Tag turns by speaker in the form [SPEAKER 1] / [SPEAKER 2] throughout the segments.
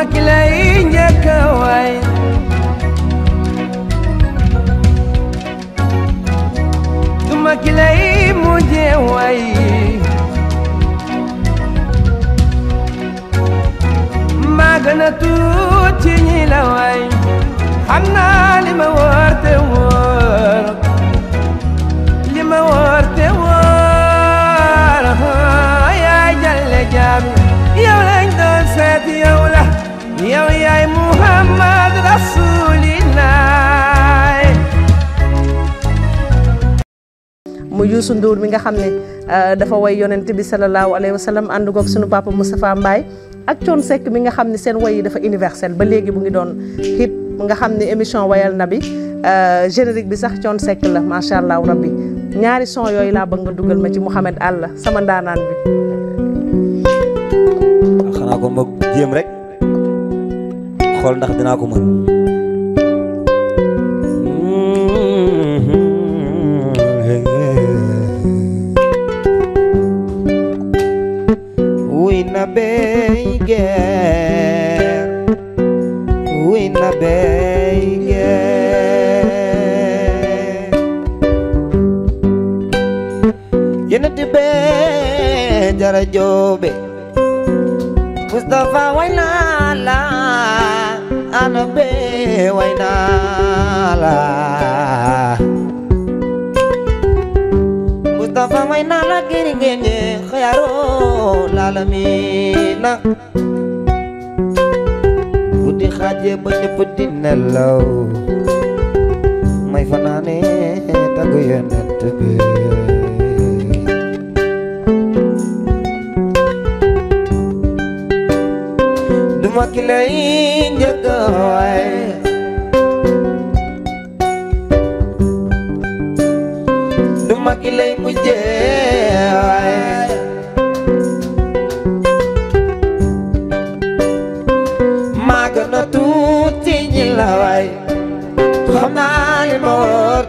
[SPEAKER 1] maklainya kawan Maklai mu jewai Magana tu cinyila mu Youssou Ndour mi nga xam ne euh, dafa way yonent bi salallaahu alayhi wa sallam ànd goog suñu papa Moustapha Mbaye ak Thione sekk bi nga xam ne seen way yi dafa universel ba léegi mu ngi doon hit nga xam ne émission woyal na bi euh, générique bi sax Thione Seck la macha allah rabbi ñaari son yooyu laa bëgg nga dugal ma ci Mouhamed Alla sama ndaanaan bi.
[SPEAKER 2] xanaa ko ma jéem rek xool ndax dinaa ko mën. beiger Winna Yena di be jara jobe Mustafa la, Ana be la kafamai nala giringenye khayaro lalamina guddi xaaje ba ñëpp di may fanaane taggu yonent duma ki ma lay mujjee waaye gën a tuuti ñi la waay xam naa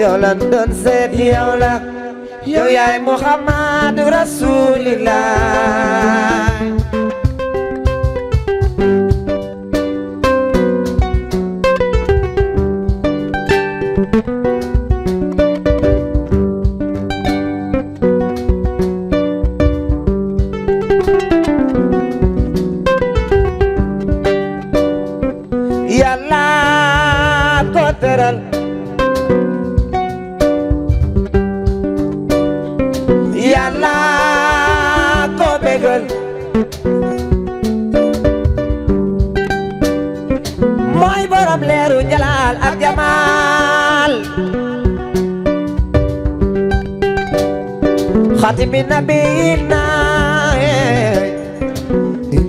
[SPEAKER 2] Yolanden said Yola Yoyai Muhammad Rasulillah خاتم النبيين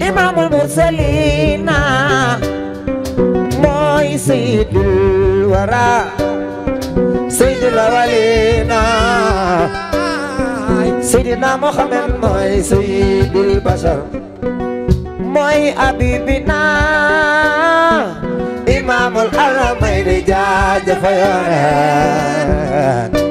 [SPEAKER 2] إمام المرسلين موي سيد الورى سيد الأولين سيدنا محمد موي سيد البشر موي حبيبنا إمام الحرمين جاج فيران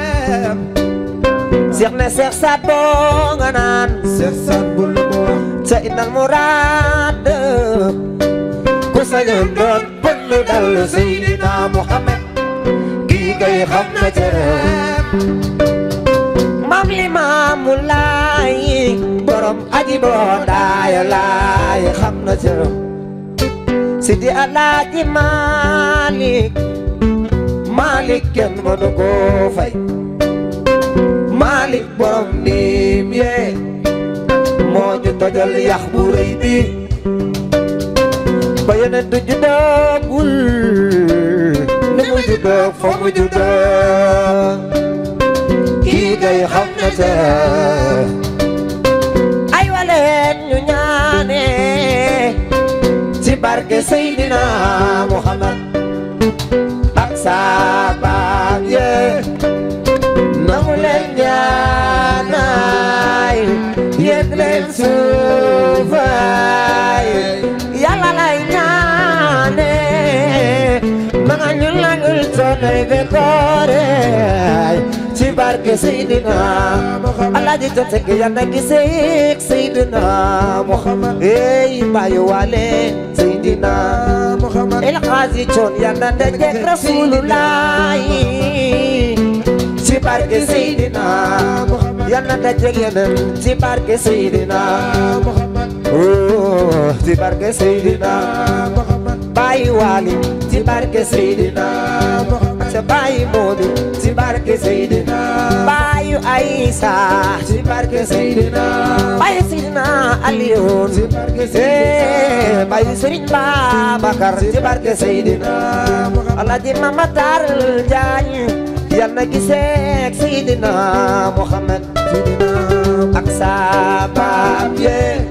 [SPEAKER 2] dem Seex ne Seex Saat boo nga naan Seex ca innal muraad ku sañoon doon pënd dal Seydina Muhammad kii kay xam na cërëm maam li maamu laay borom aji boo daay laay xam na cërëm Sidi Alaaji Maalik Maalik kenn mënu ko fay Malik borom niim yee mo ñu tojal yah bu reuy bi ba yeneen du juddoogul ni mu juddoog fo mu juddoog kii kay xam na ay waleen ñu ñaane ci barke Seydina Muhammad ak magañu langul sonay be koore ci barke Seydina Alaaji Tate ke yàlla gi seek Seydina Muhammad ey bayu wale Seydina Muhammad el xaazi coon yàlla dajeek Rasulullahi ci barke Seydina yàlla dajeek yeneen ci barke Seydina Muhammad oh ci barke Seydina bàyyi waali ci barke Seydina Muhammad sa bàyyi moodu ci barke Seydina bàyyi Aysa ci barke Seydina bàyyi Seydina Alioune ci barke Seydina bàyyi Seydina Alaaji Mamatar Jaañ yal na gisee Seydina Muhammad ak sa baam yee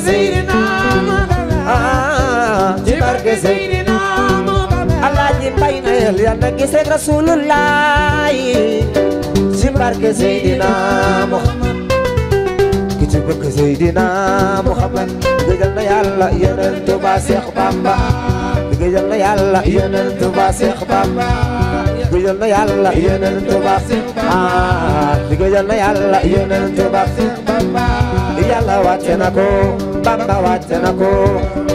[SPEAKER 2] Seydina ah, ci barke Seydina ah, ci barke Seydina Alaaji Mbay na yel yal na gise Rasulullah ci barke Seydina Muhammad ki ci bëgg Seydina Muhammad digëjal na Yàlla Yonent ba Seex Bamba digëjal na Yàlla Yonent ba Seex Bamba Güyanla yalla yenen tubasin ba Güyanla yalla yenen tubasin ba Yalla watena ko bamba watena ko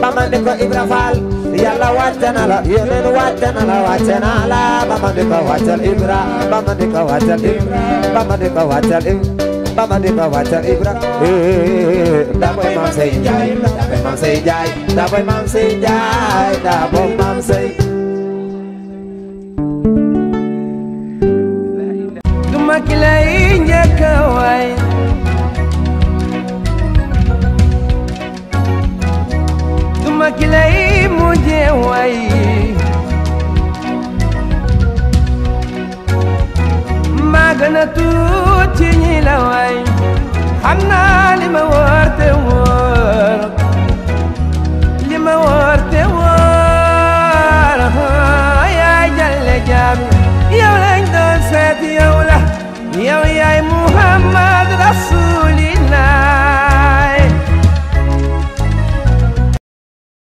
[SPEAKER 2] bamba de ko ibrafal yalla watena la yenen watena la watena la bamba de ko watel ibra bamba de ko watel ibra bamba de ko watel ibra bama de ba wacha ibra da boy mam say jai da boy mam say jai da boy mam say jai da boy mam say
[SPEAKER 1] tuuti ñi la way xam li ma warte woon